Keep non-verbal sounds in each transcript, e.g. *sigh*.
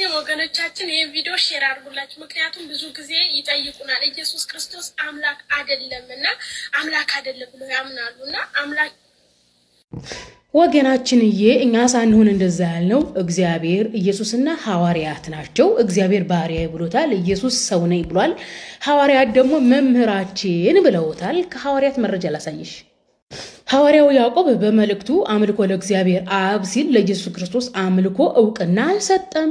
ሙስሊም ወገኖቻችን ይህን ቪዲዮ ሼር አድርጉላችሁ። ምክንያቱም ብዙ ጊዜ ይጠይቁናል ኢየሱስ ክርስቶስ አምላክ አይደለም እና አምላክ አይደለም ብሎ ያምናሉ እና አምላክ ወገናችንዬ እኛ ሳንሆን እንደዛ ያልነው እግዚአብሔር ኢየሱስና ሐዋርያት ናቸው። እግዚአብሔር ባሪያ ብሎታል። ኢየሱስ ሰው ነኝ ብሏል። ሐዋርያት ደግሞ መምህራችን ብለውታል። ከሐዋርያት መረጃ ላሳይሽ። ሐዋርያው ያዕቆብ በመልእክቱ አምልኮ ለእግዚአብሔር አብ ሲል ለኢየሱስ ክርስቶስ አምልኮ እውቅና አልሰጠም።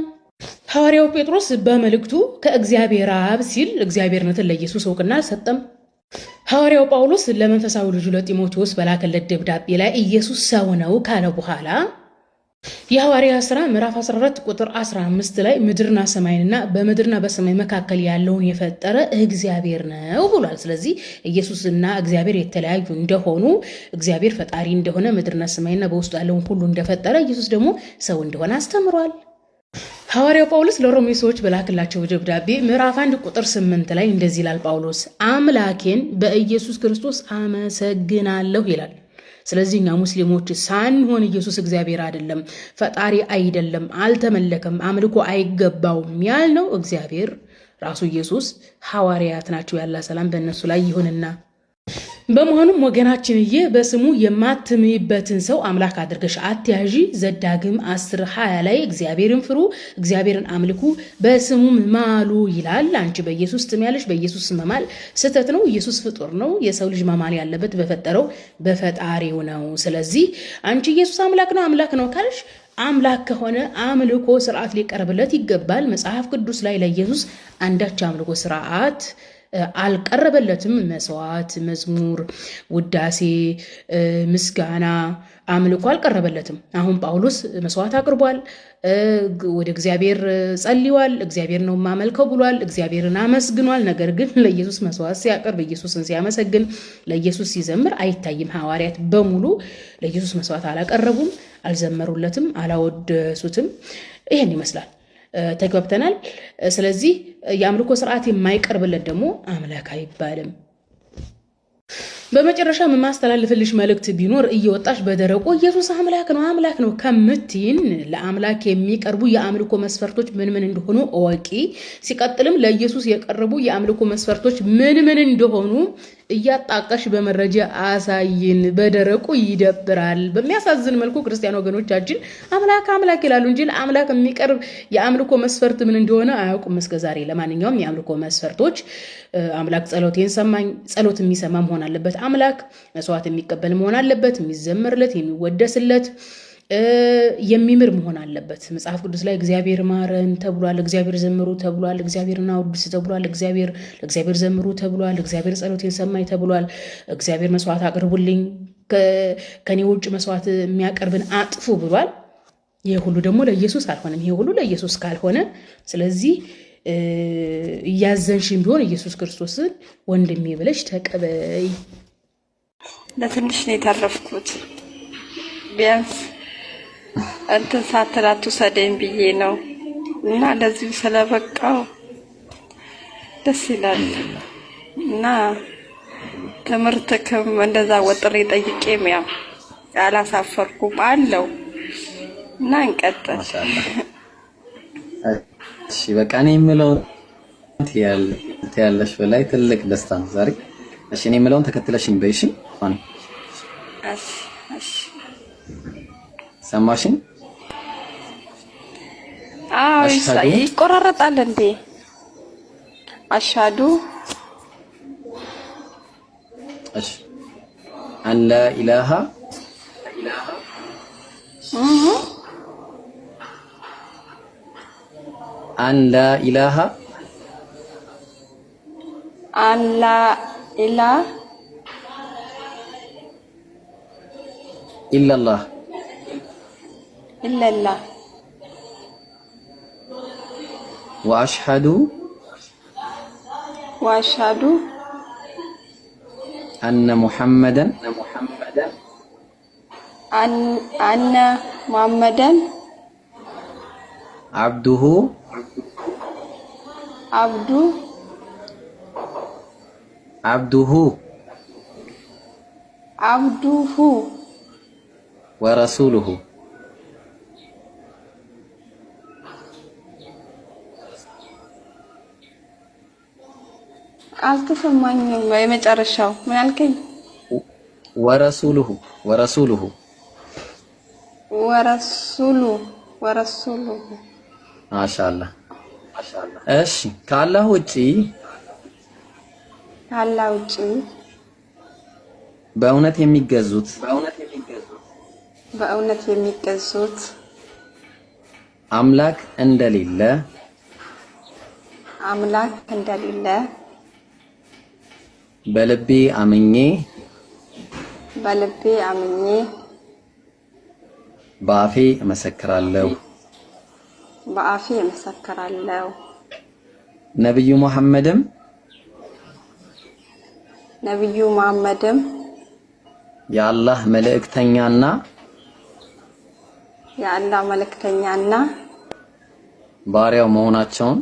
ሐዋርያው ጴጥሮስ በመልእክቱ ከእግዚአብሔር አብ ሲል እግዚአብሔርነትን ለኢየሱስ እውቅና ሰጠም። ሐዋርያው ጳውሎስ ለመንፈሳዊ ልጁ ለጢሞቴዎስ በላከለት ደብዳቤ ላይ ኢየሱስ ሰው ነው ካለ በኋላ የሐዋርያ ሥራ ምዕራፍ 14 ቁጥር 15 ላይ ምድርና ሰማይንና በምድርና በሰማይ መካከል ያለውን የፈጠረ እግዚአብሔር ነው ብሏል። ስለዚህ ኢየሱስና እግዚአብሔር የተለያዩ እንደሆኑ እግዚአብሔር ፈጣሪ እንደሆነ ምድርና ሰማይና በውስጡ ያለውን ሁሉ እንደፈጠረ ኢየሱስ ደግሞ ሰው እንደሆነ አስተምሯል። ሐዋርያው ጳውሎስ ለሮሜ ሰዎች በላክላቸው ደብዳቤ ምዕራፍ 1 ቁጥር 8 ላይ እንደዚህ ይላል። ጳውሎስ አምላኬን በኢየሱስ ክርስቶስ አመሰግናለሁ ይላል። ስለዚህ እኛ ሙስሊሞች ሳንሆን ኢየሱስ እግዚአብሔር አይደለም፣ ፈጣሪ አይደለም፣ አልተመለከም፣ አምልኮ አይገባውም ያልነው እግዚአብሔር ራሱ ኢየሱስ ሐዋርያት ናቸው። ያላ ሰላም በእነሱ ላይ ይሁንና በመሆኑም ወገናችንዬ በስሙ የማትምይበትን ሰው አምላክ አድርገሽ አትያዢ። ዘዳግም አስር ሀያ ላይ እግዚአብሔርን ፍሩ፣ እግዚአብሔርን አምልኩ፣ በስሙም ማሉ ይላል። አንቺ በኢየሱስ ስም በኢየሱስ መማል ስህተት ነው። ኢየሱስ ፍጡር ነው። የሰው ልጅ መማል ያለበት በፈጠረው በፈጣሪው ነው። ስለዚህ አንቺ ኢየሱስ አምላክ ነው አምላክ ነው ካልሽ አምላክ ከሆነ አምልኮ ስርዓት ሊቀርብለት ይገባል። መጽሐፍ ቅዱስ ላይ ለኢየሱስ አንዳች አምልኮ ስርዓት አልቀረበለትም። መስዋዕት፣ መዝሙር፣ ውዳሴ፣ ምስጋና፣ አምልኮ አልቀረበለትም። አሁን ጳውሎስ መስዋዕት አቅርቧል፣ ወደ እግዚአብሔር ጸልዋል፣ እግዚአብሔር ነው የማመልከው ብሏል፣ እግዚአብሔርን አመስግኗል። ነገር ግን *laughs* ለኢየሱስ መስዋዕት ሲያቀርብ፣ ኢየሱስን ሲያመሰግን፣ ለኢየሱስ ሲዘምር አይታይም። ሐዋርያት በሙሉ ለኢየሱስ መስዋዕት አላቀረቡም፣ አልዘመሩለትም፣ አላወደሱትም። ይህን ይመስላል። ተግባብተናል። ስለዚህ የአምልኮ ስርዓት የማይቀርብለት ደግሞ አምላክ አይባልም። በመጨረሻ የማስተላልፍልሽ መልእክት ቢኖር እየወጣሽ በደረቁ ኢየሱስ አምላክ ነው አምላክ ነው ከምትይን ለአምላክ የሚቀርቡ የአምልኮ መስፈርቶች ምን ምን እንደሆኑ እወቂ። ሲቀጥልም ለኢየሱስ የቀረቡ የአምልኮ መስፈርቶች ምን ምን እንደሆኑ እያጣቀሽ በመረጃ አሳይን። በደረቁ ይደብራል። በሚያሳዝን መልኩ ክርስቲያን ወገኖቻችን አምላክ አምላክ ይላሉ እንጂ ለአምላክ የሚቀርብ የአምልኮ መስፈርት ምን እንደሆነ አያውቁም እስከ ለማንኛውም የአምልኮ መስፈርቶች አምላክ ጸሎቴን ሰማኝ፣ ጸሎት የሚሰማ መሆን አለበት። አምላክ መስዋዕት የሚቀበል መሆን አለበት፣ የሚዘመርለት፣ የሚወደስለት የሚምር መሆን አለበት። መጽሐፍ ቅዱስ ላይ እግዚአብሔር ማረን ተብሏል፣ እግዚአብሔር ዘምሩ ተብሏል፣ እግዚአብሔር አውድስ ተብሏል፣ እግዚአብሔር ለእግዚአብሔር ዘምሩ ተብሏል፣ እግዚአብሔር ጸሎቴን ሰማኝ ተብሏል፣ እግዚአብሔር መስዋዕት አቅርቡልኝ፣ ከኔ ውጭ መስዋዕት የሚያቀርብን አጥፉ ብሏል። ይህ ሁሉ ደግሞ ለኢየሱስ አልሆነም። ይሄ ሁሉ ለኢየሱስ ካልሆነ ስለዚህ እያዘንሽን ቢሆን ኢየሱስ ክርስቶስን ወንድሜ ብለሽ ተቀበይ። ለትንሽ ነው የተረፍኩት ቢያንስ እንትን ሳትላት ውሰደኝ ብዬ ነው እና ለዚሁ ስለበቃው ደስ ይላል እና ትምህርትክም እንደዛ ወጥሬ ጠይቄም ያው አላሳፈርኩም አለው እና እንቀጥል። እሺ በቃ እኔ የምለው ያለሽ በላይ ትልቅ ደስታ ነው ዛሬ። እሺ እኔ የምለውን ተከትለሽኝ በይሽ። ሰማሽኝ? ይቆራረጣል እንዴ? አሻዱ አላ ኢላሃ አላ ኢላሃ አላ ኢላ ኢላላህ ኢላላህ وأشهد وأشهد أن محمدا أن أن محمدا عبده عبد عبده عبده ورسوله አልተሰማኝም። የመጨረሻው ምን አልከኝ? ወረሱሉሁ ወረሱሉሁ ወረሱሉ ወረሱሉሁ። ማሻአላ እሺ። ካላህ ውጪ ካላህ ውጪ በእውነት የሚገዙት በእውነት የሚገዙት አምላክ እንደሌለ አምላክ እንደሌለ በልቤ አምኜ በልቤ አምኜ በአፌ እመሰክራለሁ በአፌ እመሰክራለሁ። ነብዩ መሐመድም ነብዩ መሐመድም የአላህ መልእክተኛና የአላህ መልእክተኛና ባሪያው መሆናቸውን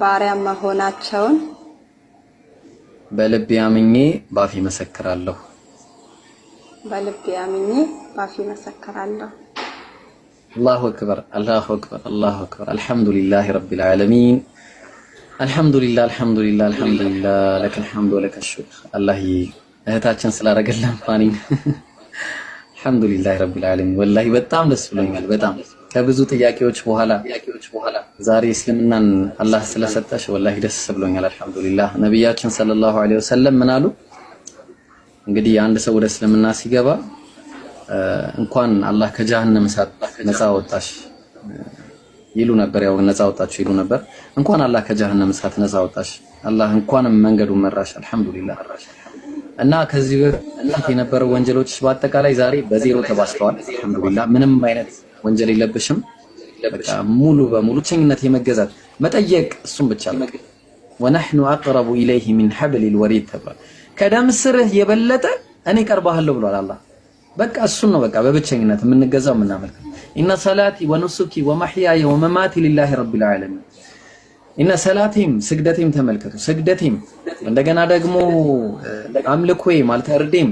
ባሪያ መሆናቸውን በልቤ አምኜ ባፌ መሰክራለሁ። በልቤ አምኜ ባፌ መሰክራለሁ። አላሁ አክበር አላሁ አክበር አላሁ አክበር። አልሐምዱሊላሂ ረቢል ዓለሚን አልሐምዱሊላህ አልሐምዱሊላህ አልሐምዱሊላህ ለከል ሐምዱ ወለከል ሹክር። አላህዬ እህታችን ስላደረገልን ፋኒ አልሐምዱሊላህ ረቢል ዓለሚን። ወላሂ በጣም ደስ ብሎኛል። በጣም ከብዙ ጥያቄዎች በኋላ ዛሬ እስልምናን አላህ ስለሰጠሽ ወላሂ ደስ ብሎኛል። አልሐምዱሊላህ ነቢያችን ሰለላሁ ዐለይሂ ወሰለም ምን አሉ? እንግዲህ አንድ ሰው ወደ እስልምና ሲገባ እንኳን አላህ ከጀሃነም እሳት ነፃ ወጣሽ ይሉ ነበር። ያው ነፃ ወጣችሁ ይሉ ነበር። እንኳን አላህ ከጀሃነም እሳት ነፃ ወጣሽ፣ አላህ እንኳንም መንገዱን መራሽ። አልሐምዱሊላህ እና ከዚህ በፊት የነበረው ወንጀሎች በአጠቃላይ ዛሬ በዜሮ ተባስተዋል። አልሐምዱሊላህ ምንም አይነት ወንጀል የለብሽም። በቃ ሙሉ በሙሉ ቸኝነት የመገዛት መጠየቅ፣ እሱም ብቻ ነው። ወነህኑ አቅረቡ ኢለይሂ ሚን ሐብሊል ወሪድ ተብሏል። ከደም ስርህ የበለጠ እኔ ቀርባለሁ ብሏል አላህ። በቃ እሱን ነው በቃ በብቸኝነት የምንገዛው የምናመልከው። ኢነ ሰላቲ ወኑሱኪ ወመሕያየ ወመማቲ ሊላሂ ረቢል ዓለሚን እና ሰላቴም ስግደቴም ተመልከቱ። ስግደቴም እንደገና ደግሞ አምልኮዬ ማለት እርዴም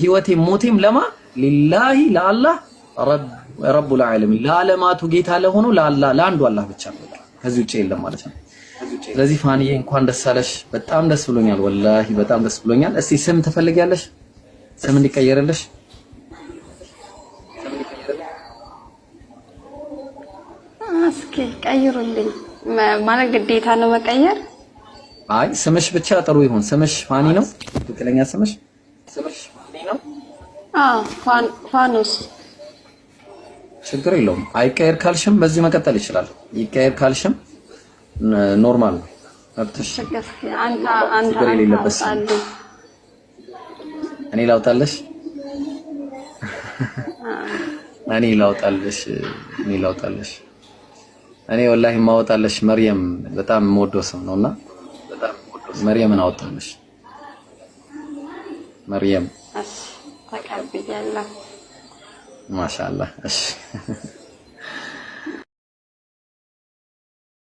ህይወቴም ሞቴም ለማ ሊላሂ ለአላህ ረቡል ዓለሚን ለዓለማቱ ጌታ ለሆኑ ለአላህ ለአንዱ አላህ ብቻ ነው። ከዚህ ውጪ የለም ማለት ነው። ስለዚህ ፋንዬ እንኳን ደስ አለሽ። በጣም ደስ ብሎኛል፣ ወላሂ በጣም ደስ ብሎኛል። እስቲ ስም ትፈልጊያለሽ? ስም እንዲቀየርልሽ እስኪ ቀይሩልኝ። ማለት ግዴታ ነው መቀየር? አይ ስምሽ ብቻ ጥሩ ይሁን። ስምሽ ፋኒ ነው ትክክለኛ ስምሽ? ስምሽ ፋኒ ነው? አዎ ፋኖስ። ችግር የለውም አይቀየር ካልሽም በዚህ መቀጠል ይችላል። ይቀየር ካልሽም ኖርማል ነው መብትሽ። አንተ አንተ አንተ እኔ ላውጣለሽ እኔ ላውጣለሽ እኔ ላውጣለሽ እኔ ወላሂ ማወጣለሽ መርየም በጣም የምወደው ስም ነውና መርየምን አወጣለሽ። መርየም ማሻአላህ። እሺ